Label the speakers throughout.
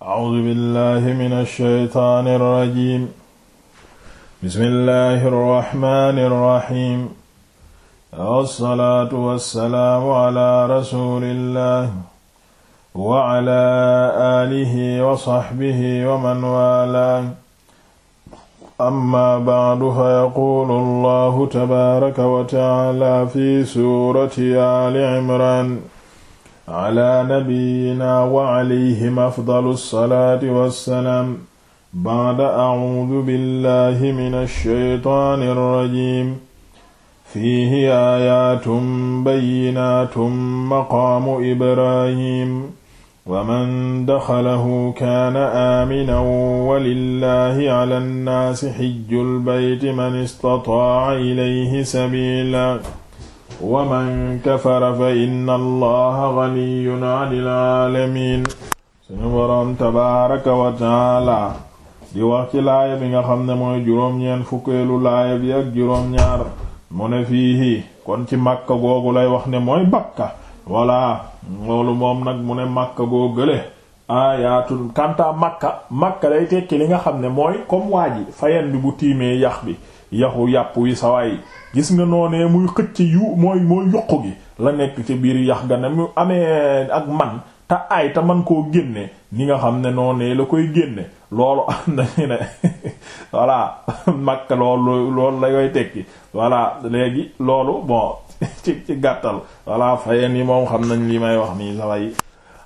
Speaker 1: A'uuzu billahi mina shaytaani rajiim. Bismillahi rahmaani rahiim. Wassalaatu wassalaamu ala rasuulillahi wa ala aalihi wa sahbihi wa man waalaahu. Amma ba'du fa yaquulu Allahu tabaaraka wa ta'aala fi suurati Ali Imraan. ala nabiyyina wa alayhim afdalu salaati wassalaam ba'da a'uudu billahi minash shaytaanir rajiim fiihi aayaatun bayyinaatun maqaamu ibraahiim wa man daxalahu kaana aaminan walillahi ala nnaasi xijjul bayti man istataa'a ilayhi sabiila wa man kafara fa inna allaha ghaniyyun 'anil 'alamin suñu boroom tabaaraka wa di wax ci laaya bi nga xam ne mooy juróom-ñeent fukkeelu laaya bi ak juróom-ñaar mu ne fiihi kon ci màkk googu lay wax ne mooy bakka walla loolu moom nag mu ne màkka goo gële
Speaker 2: aayaatun kanta màkka màkka lay tekki li nga xam ne mooy comme waa ji fayen bi bu tiimee yax bi yaxu yàpp wi sawaay gis nga noonee muy xëcc yu mooy mooy yuq gi la nekk ci biir yax ga ne mu amee ak man te ay te man koo génne ni nga xam ne noonee la koy génne loolu am nañu ne tekki voilà léegi loolu bon ci ci gàttal voilà fayeen yi moom xam nañ li may wax nii saway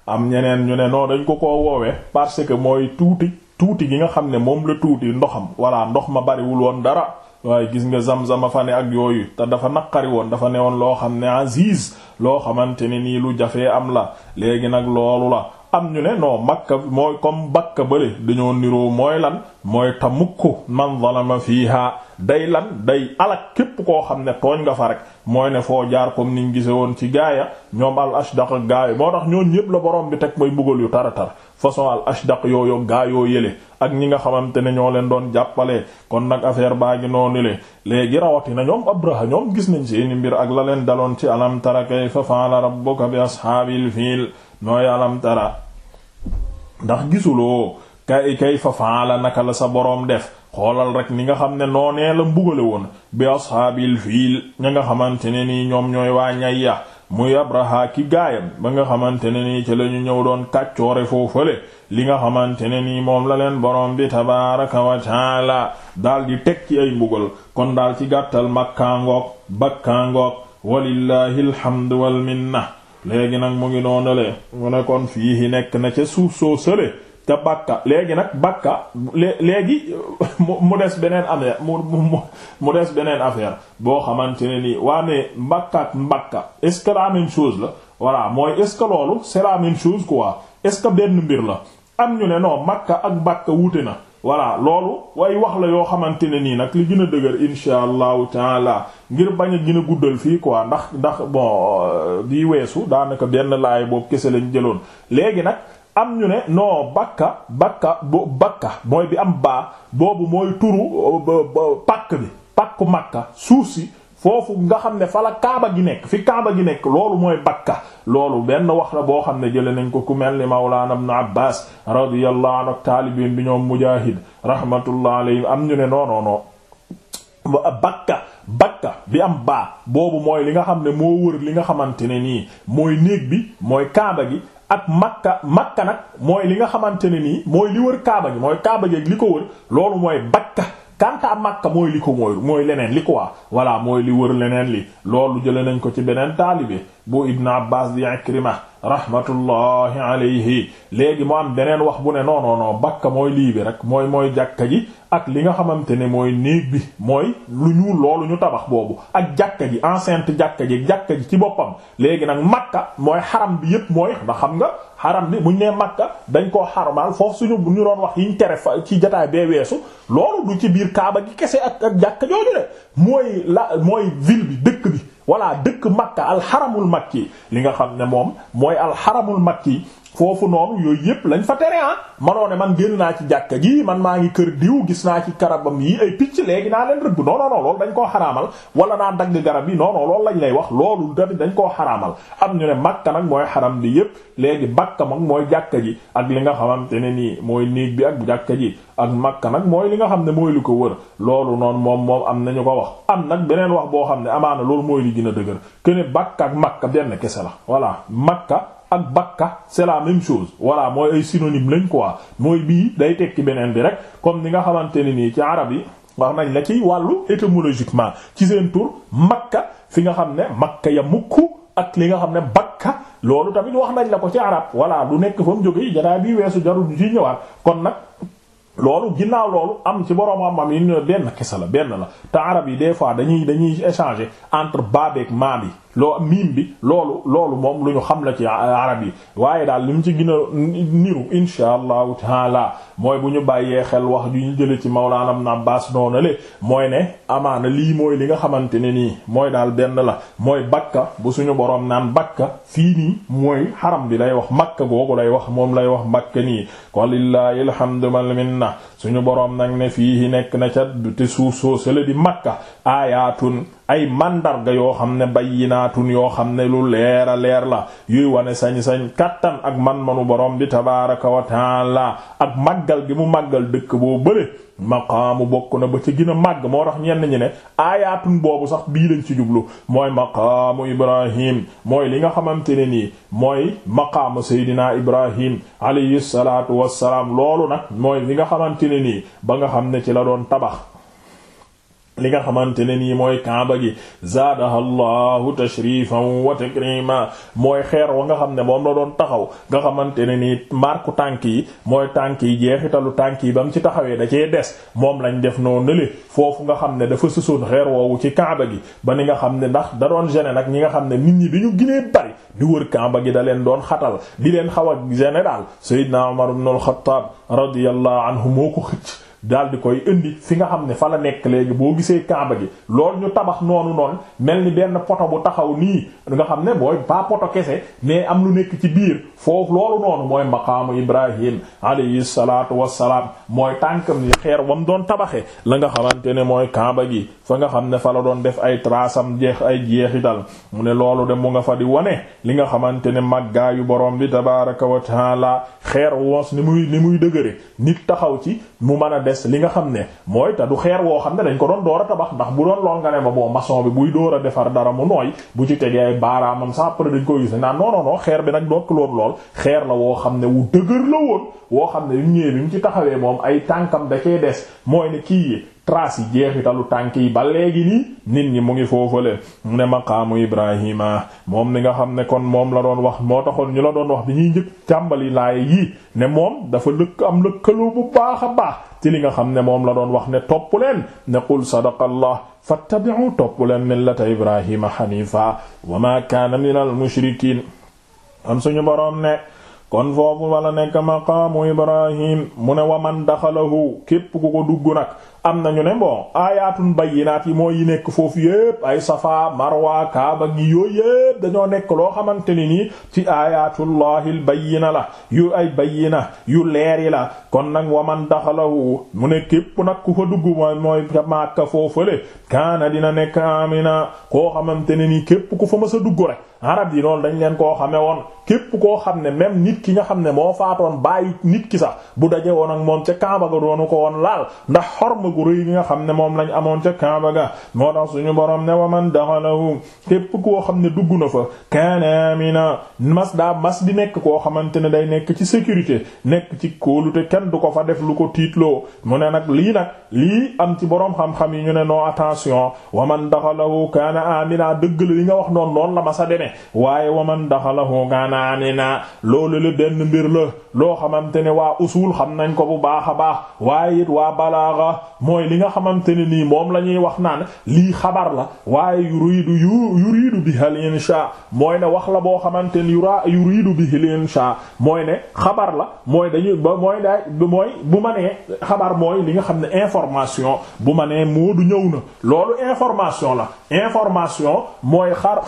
Speaker 2: am ñeneen ñu ne non dañ ko koo woowee parce que mooy tuuti tuuti gi nga xam ne moom la tuuti ndoxam voilà ndox ma bariwul woon dara waaye gis nga zam-zama fa ne ak yooyu te dafa naqari woon dafa ne woon loo xam ne aziz loo xamante ne nii lu jafee am la léegi nag loolu la am ñu ne non makka mooy comme bakka bële dañoo niroo mooy lan mooy tamukk man fii fiiha day lan day alak képp koo xam ne tooñ nga fa rek mooy ne foo jaar comme niñ gise woon ci gaaya ñoom al ashdaq gaaya moo tax ñoon ñépp la borom bi teg mooy mbugal yu taratar façon al ashdaq yooyu gaa yoo ak ñi nga xamante ne ñoo leen doon jàppale kon nag affaire baa ngi noonu le léegi rawatina ñoom abraha ñoom gis nañ seeni mbir ak la leen daloon ci alam tara kayfa fa'ala rabbuka bi ashaabil fiil nooy alam tara ndax gisuloo kay kay fa fa'ala naka la sa boroom def xoolal rek ni nga xam ne noonee la mbugale woon bi ashaabil fiil ña nga xamante ne nii ñoom ñooy waa ñay ya muy Abraha ki gaayam ba nga xamante ne nii ci la ñu ñëw doon kàccoore foofale li nga xamante ne nii moom la leen borom bi tabaraka wa taala daal di teg ci ay mbugal kon daal ci gàttal makkaangoog bakkaangoog walillahi alhamdu wal minna léegi nag mu ngi noonale mu ne kon fii nekk na ca suuf soo sële te Bakka léegi nag Bakka léegi mu mu des beneen affaire mu mu mu des beneen affaire boo xamante ne nii waa ne Mbakka ak Mbakka est-ce que la même chose la voilà mooy est-ce que loolu c'est la même chose quoi est-ce que benn mbir la am ñu ne noo Makka ak Bakka wuute na. voilà loolu way wax la yoo xamante ne nii nag li gën a dëgër insha allahu taala ngir bañ a gën a guddal fii quoi ndax ndax bon euh, bii weesu daanaka benn laay boobu kese lañ jëloon léegi nag. am ñu ne non bakka bakka bo bi am baa boobu mooy turu bi pakku makka suuf si foofu nga xam ne fa kaaba gi nekk fi kaaba gi nekk loolu mooy bakka loolu benn wax la boo xam ne jële nañ ko ku mel ni mawlaana ibn abbas radiyallahu anhu taalibiin bi ñoom mujaahid rahmatullah alayhi am ñu ne non non bi am baa boobu mooy li nga xam ne moo wër li nga xamante ne nii mooy néeg bi mooy kaaba gi ak makka makka nag mooy li nga xamante ne nii mooy li wër kaaba gi mooy kaaba gi li ko wër loolu mooy bakka kanta makka mooy li ko mooy mooy leneen li ko quoi voilà mooy li wër leneen li loolu jëlee nañ ko ci beneen taalibe bu Ibn Abbas di Ikrima rahmatullahi alayhi léegi moo am beneen wax bu ne non non bakka mooy lii bi rek mooy mooy jàkka ji ak li nga xamante ne mooy néeg bi mooy lu ñu loolu ñu tabax boobu ak jàkka ji enceinte jàkka ji jàkka ji ci boppam léegi nag makka mooy xaram bi yëpp mooy ndax xam nga xaram bi buñ nee makka dañ koo xaramaal foofu suñu bu ñu doon wax yiñ tere fa ci jataay bee weesu loolu du ci biir kaaba gi kese ak ak jàkka jooju de mooy la mooy ville bi dëkk bi voilà dëkk Makka alxaramul makki li nga xam ne moom mooy alxaramul makki foofu noonu yooyu yépp lañ fa tere ah manoo ne man génn naa ci jàkka ji man maa ngi kër diw gis naa ci karabam yi ay picc léegi naa leen rëbb non loolu dañ koo xaramal wala naa dagg garab yi non non loolu lañ lay wax loolu tamit dañ koo xaraamal am ñu ne makka nag mooy xaram bi yépp léegi bakka mag mooy jàkka ji ak li nga xamante ne nii mooy néeg bi ak jàkka ji ak makka nag mooy li nga xam ne mooy li ko wër loolu noonu moom moom am nañu ko wax am nag beneen wax boo xam ne amaana loolu mooy li gën a dëgër que ak makka benn kese la voilà makka ak bakka c'est la chose voilà mooy ay synonyme lañ quoi mooy bii day tekki beneen bi rek comme ni nga xamante ne nii ci arab yi wax nañ la ci wàllu étymologiquement ci seen tur makka fi nga xam ne makka ya mukku ak li nga xam ne bakka loolu tamit wax nañ la ko ci arab voilà lu nekk fa mu jógee jataay bii weesu jarul ñu ci ñëwaat kon nag loolu ginnaaw loolu am ci borom am am yi benn kese la benn la te arab yi des fois dañuy dañuy échanger entre baabeeg maa bi loo miim bi loolu loolu moom lu ñu xam la ci a arab yi waaye daal li mu ci gina a niru insha allahu taala mooy bu ñu bàyyee xel wax ju ñu jële ci mawlaana ibn Abbaas noonu le mooy ne amaana lii mooy li nga xamante ne nii mooy daal denn la mooy bakka bu suñu boroom naan bakka fii nii mooy xaram bi lay wax makka googu lay wax moom lay wax makka nii ko lillaahi alhamdu wal minna suñu boroom nag ne fii nekk na ca te suuf soo sele di makka aayaatun ay mandarga yoo xam ne bayyinaatun yoo xam ne lu leer a leer la yuy wane sañ-sañ kattan ak man-manu borom bi tabaraka wa taala ak màggal gi mu màggal dëkk boo bële maqaamu bokk na ba ca gën a màgg moo tax ñenn ñi ne aayaatun boobu sax bii lañ ci jublu mooy maqaamu ibrahim mooy li nga xamante ne nii mooy maqaamu seydina ibrahim alayhi salaatu salaam loolu nag mooy li nga xamante ne nii ba nga xam ne ci la doon tabax li nga xamante ne nii mooy kaaba gi zaadaha llahu tashrifan wa mooy xeer wa nga xam ne moom la doon taxaw nga xamante ne nii marku tànk yi mooy tànk yi jeexitalu tànk yi ba mu ci taxawee da cee des moom lañ def noo nële foofu nga xam ne dafa susoon xeer woowu ci kaaba gi ba ni nga xam ne ndax da doon gêner nag ñi nga xam ne nit ñi bi ñu ginee bari di wër kaaba gi da leen doon xatal di leen xaw a gêner daal sayyidna Umar ibn al-Khattab radiyallahu daal di koy indi fi nga xam ne fa la nekk léegi boo gisee kaaba gi loolu ñu tabax noonu noonu mel ni benn poto bu taxaw nii nga xam ne mooy pas poto kese mais am lu nekk ci biir foofu loolu noonu mooy maqaamu Ibrahim alayhi salaatu wassalaam mooy tànkam yi xeer wam doon tabaxe la nga xamante ne mooy kaaba gi fa nga xam ne fa la doon def ay trasam jeex ay jeexital mu ne loolu de mu nga fa di wane li nga xamante ne yu borom bi tabaaraka wa taala xeer woos ni muy ni muy dëgëre nit taxaw ci mu mën a des li nga xam ne mooy te du xeer woo xam ne dañ ko doon door a tabax ndax bu doon lool nga ne ma bon maçon bi buy door a defar dara mu nooy bu ci tegee ay baaraamam sax après dañ ko gis naan non xeer bi nag dootul lool xeer la woo xam ne wu dëgër la woon woo xam ne yu ñëwee bi mu ci taxawee moom ay tànkam da des mooy ne kii trace yi jeexitalu tànk yi ba léegi nii nit ñi mu ngi foofale mu ne maqaamu Ibrahima moom mi nga xam ne kon moom la doon wax moo taxoon ñu la doon wax bi ñuy njëkk càmbali laay yii ne moom dafa lëkk am lëkkaloo bu baax a baax ci li nga xam ne moom la doon wax ne topp leen ne qul sadaqallah fattabi'u topp leen millata Ibrahima hanifa wa ma kaana minal mushrikiin kon suñu boroom ne kon foofu wala nekk maqaamu Ibrahim mu ne wa man daxalahu képp ku ko dugg nag am nañu ne bon aayatun bayyinaat yi mooy yi nekk foofu yépp ay safa marwa kaaba gi yooyu yépp dañoo nekk loo xamante ni nii ci aayatullahi l la yu ay bayyina yu leer yi la kon nag waman daxalahu mu ne képp nag ku fa dugg mooy mooy ca Makka foofale kaana dina nekk amina koo xamante ne nii képp ku fa mësa dugg rek arab yi noonu dañ leen koo xamee woon képp koo xam ne même nit ki nga xam ne moo faatoon bàyyi nit ki sax bu daje woon ak moom ca Kaaba ga doonu ko woon laal ndax xorma gu rëy nga xam ne moom lañ amoon ca Kaaba ga moo tax suñu borom ne wa man daxalahu képp koo xam ne dugg na fa kaana amina mas daa mas di nekk koo xamante ne day nekk ci sécurité nekk ci kóolute kenn du ko fa def lu ko tiitloo mu ne nag lii nag lii am ci borom xam yi ñu ne non attention wa man daxalahu kaana amina dëgg la li nga wax noonu noonu la ma sa demee waaye waman daxalahu kaana amina loolu la benn mbir la loo xamante ne waa usul xam nañ ko bu baax a baax waaye it waa balaaxa mooy li nga xamante ne nii moom la ñuy wax naan lii xabar la waaye yuriidu yu yuriidu bihi al insha mooy ne wax la boo xamante ne yura yuriidu bihi al insha mooy ne xabar la mooy dañuy ba mooy daay mooy bu ma nee xabar mooy li nga xam ne information bu ma nee moodu ñëw na loolu information la information mooy xar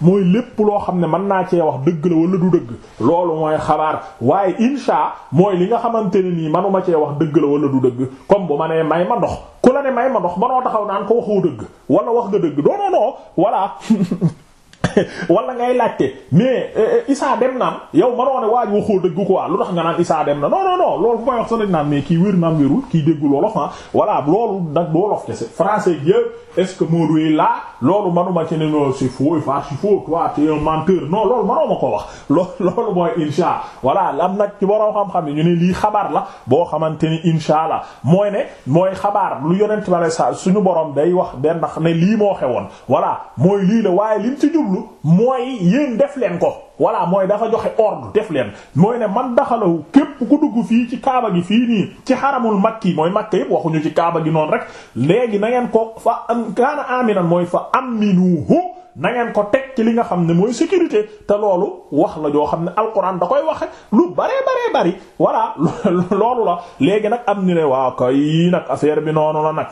Speaker 2: mooy lépp loo xam ne man naa cee wax dëgg la wala du dëgg loolu mooy xabaar waaye insha mooy li nga xamante ne nii manuma cee wax dëgg la wala du dëgg comme bu ma nee may ma ndox ku la ne may ma ndox manoo taxaw naan ko waxoo dëgg wala wax nga dëgg doonoonoo voilà wala ngay laajte mais eh, eh, Issa dem naam yow mënoo ne waa ji waxoo dëgg quoi lu tax nga naan Issa dem na non non non loolu bu may wax sax dañ naan mais kii wér naam wérul kii déggul wolof ah voilà loolu nag du wolof kese français est-ce que Modou est là loolu manuma ci ne non c'est faux et farce faux toi tu es ma ko wax loolu mooy insha voilà am nag ci borom xam-xam yi ñu ne lii xabaar la boo xamante ni insha allah mooy ne mooy xabaar lu yonent ba la suñu boroom day wax benn ne lii moo xewoon voilà jublu mooy yéen def leen ko voilà mooy dafa joxe ordre def leen mooy ne man daxalahu képp ku dugg fii ci kaaba gi fii nii ci xaramul ki mooy makka yëpp waxuñu ci kaaba gi noonu rek léegi na ngeen ko fa am kaana aminan mooy fa aminuhu na ngeen ko teg ci li nga xam ne mooy sécurité te loolu wax la joo xam ne alxuraan da koy wax lu baree baree bari voilà loolu la léegi nag am ñu ne waa kay nag affaire bi noonu la nag.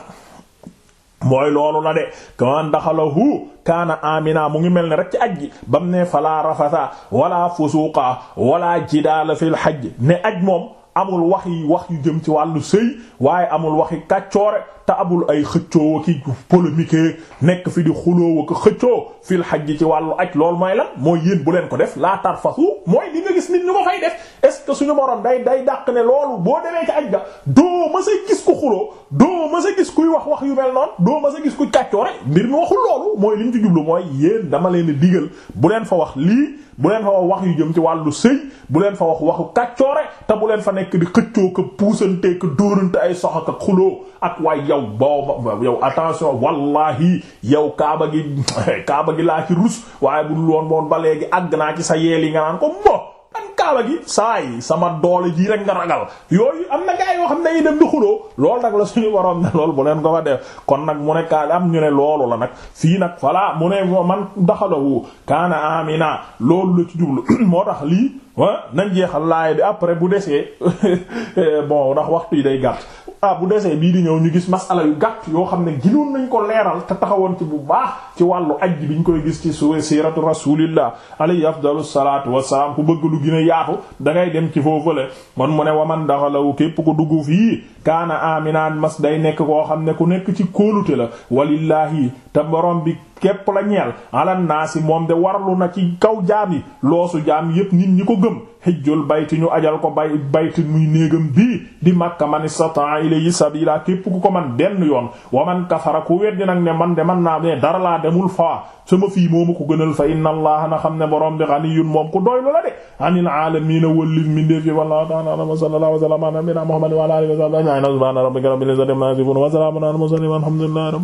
Speaker 2: mooy loolu la de kaman daxalahu kaana amina mu ngi mel ne rek ci aj ji bam ne fala rafata wala fusuqa wala jidaala fil hajj ne aj moom amul waxi wax yu jëm ci wàllu sëy waaye amul waxi kàccoore te amul ay xëccoo ki polémique nekk fi di xuloo ak xëccoo fil hajj ci wàllu aj loolu mooy lan moo yéen bu leen ko def laa tarfasu mooy li nga gis nit ñu ko fay def est-ce que suñu borom day day dàq ne loolu boo demee ci aj ga doo ma sa gis ku xuloo doo sa gis kuy wax wax yu mel noonu doo sa gis ku kàccoore mbir mi waxul loolu mooy liñ ci jublu mooy yéen dama leen digal bu leen fa wax lii bu leen fa wax wax yu jëm ci wàllu sëy bu leen fa wax waxu kàccoore te bu leen fa nekk di xëccoo ka puusanteeka ay sox ak xuloo ak waay yow booba yow attention wallahi yow kaaba gi kaaba gi laa ci rus waaye bu dul woon boon ba léegi àgg naa ci sa yeel yi nga naan ko mbo an kaaba gi saa yi sama doole ji rek nga ragal yooyu am na gaa yoo xam ne dañuy dem di xuloo loolu nag la suñu waroon ne loolu bu leen ko fa def kon nag am ñu ne loolu la nag fii nag voilà mu ne man daxalahu kaana amina loolu la ci jublu moo tax lii ah nañ jeexal laay bi après bu desee bon ndax waxtu yi day gàtt ah, bu desee bii di ñëw ñu gis masala yu gàtt yoo xam ne ginoon nañ ko leeral te taxawoon ci bu baax ci wàllu ajj bi ñu koy gis ci su siiratu rasulillah alayhi afdalu salaatu wassalaam ku bëgg lu gën a yaatu da ngay dem ci foofule man mu ne waman daxalawu képp ku dugg fii kaana aminan mas day nekk koo xam ne ku nekk ci kóolute la walillahi te borom bi képp la ñeel alan naasi moom de warlu na ci kaw jaam yi loosu jaam yépp nit ñi ko gëm xijjul bayti ñu ajal ko bay bayti muy néegam bii di makka man istata ilayhi sabila képp ku ko man benn yoon wa man kafara ku weddi nag ne man de man naa ne dara laa demul fa sama fii moomu ko gënal fa inna allaha na xam ne borom bi ganiyun moom ku doylu la de anil aalamiina wallil mindeef yi wallahu ta'ala wa
Speaker 1: wa sallama ala nabiyyina muhammad wa ala alihi